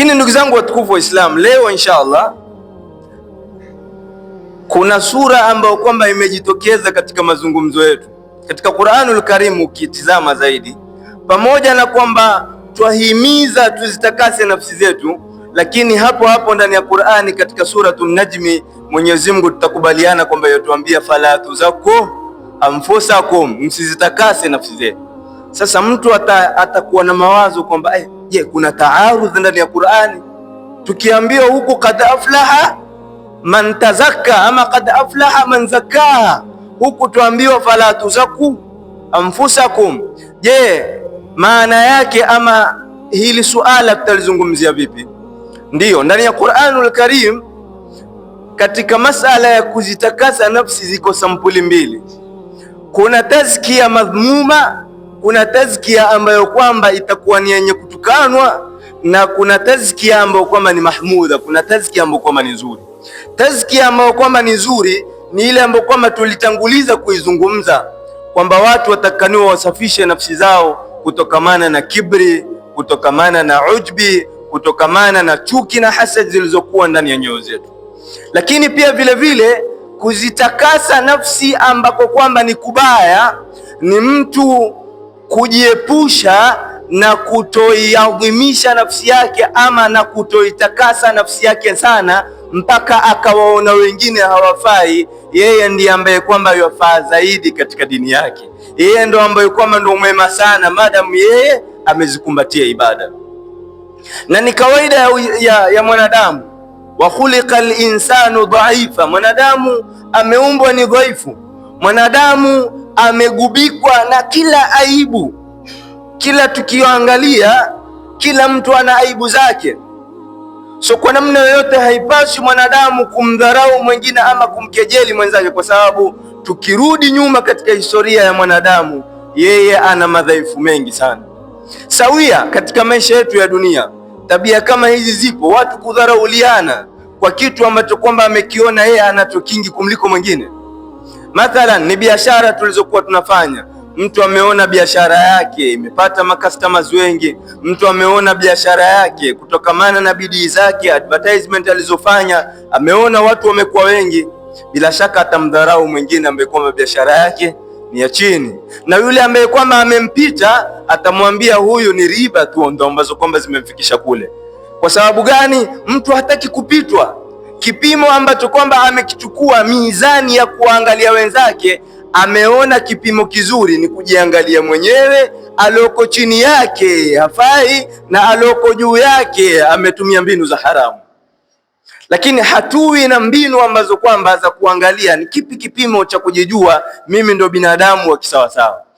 Lakini ndugu zangu watukufu wa Islam, leo inshallah kuna sura ambayo kwamba imejitokeza katika mazungumzo yetu katika Qur'anul Karim. Ukitizama zaidi, pamoja na kwamba twahimiza tuzitakase nafsi zetu, lakini hapo hapo ndani ya Qur'ani katika Suratun Najmi, Mwenyezi Mungu tutakubaliana kwamba yotuambia fala tuzaku anfusakum, msizitakase nafsi zetu. Sasa mtu atakuwa ata na mawazo kwamba eh Je, kuna taarudh ndani ya Qur'ani? Tukiambiwa huko kad aflaha man tazakka ama kad aflaha man zakkaha, huku tuambiwa fala tuzaku anfusakum. Je, maana yake ama hili suala tutalizungumzia vipi? Ndiyo, ndani ya Qur'anul Karim katika masala ya kuzitakasa nafsi ziko sampuli mbili. Kuna tazkia madhmuma, kuna tazkia ambayo kwamba itakuwa ni yenye kutukanwa na kuna tazkia ambayo kwamba ni mahmuda, kuna tazkia ambayo kwamba ni nzuri. Tazkia ambayo kwamba ni nzuri ni ile ambayo kwamba tulitanguliza kuizungumza kwamba watu watakaniwa wasafishe nafsi zao kutokamana na kibri, kutokamana na ujbi, kutokamana na chuki na hasad zilizokuwa ndani ya nyoyo zetu, lakini pia vile vile kuzitakasa nafsi ambako kwamba ni kubaya, ni mtu kujiepusha na kutoiadhimisha nafsi yake ama na kutoitakasa nafsi yake sana mpaka akawaona wengine hawafai, yeye ndiye ambaye kwamba yafaa zaidi katika dini yake. Yeye ndo ambaye kwamba ndo mwema sana, madamu yeye amezikumbatia ibada. Na ni kawaida ya, ya, ya mwanadamu, wa khuliqa linsanu dhaifa, mwanadamu ameumbwa ni dhaifu, mwanadamu amegubikwa na kila aibu kila tukioangalia kila mtu ana aibu zake. So kwa namna yoyote haipaswi mwanadamu kumdharau mwingine ama kumkejeli mwenzake, kwa sababu tukirudi nyuma katika historia ya mwanadamu, yeye ana madhaifu mengi sana. Sawia katika maisha yetu ya dunia, tabia kama hizi zipo, watu kudharauliana kwa kitu ambacho kwamba amekiona yeye anacho kingi kumliko mwingine. Mathalan ni biashara tulizokuwa tunafanya Mtu ameona biashara yake imepata makastomers wengi, mtu ameona biashara yake kutokamana na bidii zake, advertisement alizofanya, ameona watu wamekuwa wengi, bila shaka atamdharau mwingine ambaye kwamba biashara yake ni ya chini, na yule ambaye kwamba amempita atamwambia huyu ni riba tu ndo ambazo kwamba zimemfikisha kule. Kwa sababu gani? Mtu hataki kupitwa. Kipimo ambacho kwamba amekichukua mizani ya kuangalia wenzake ameona kipimo kizuri ni kujiangalia mwenyewe, aloko chini yake hafai na aloko juu yake ametumia mbinu za haramu, lakini hatui na mbinu ambazo kwamba za kuangalia ni kipi kipimo cha kujijua, mimi ndo binadamu wa kisawasawa.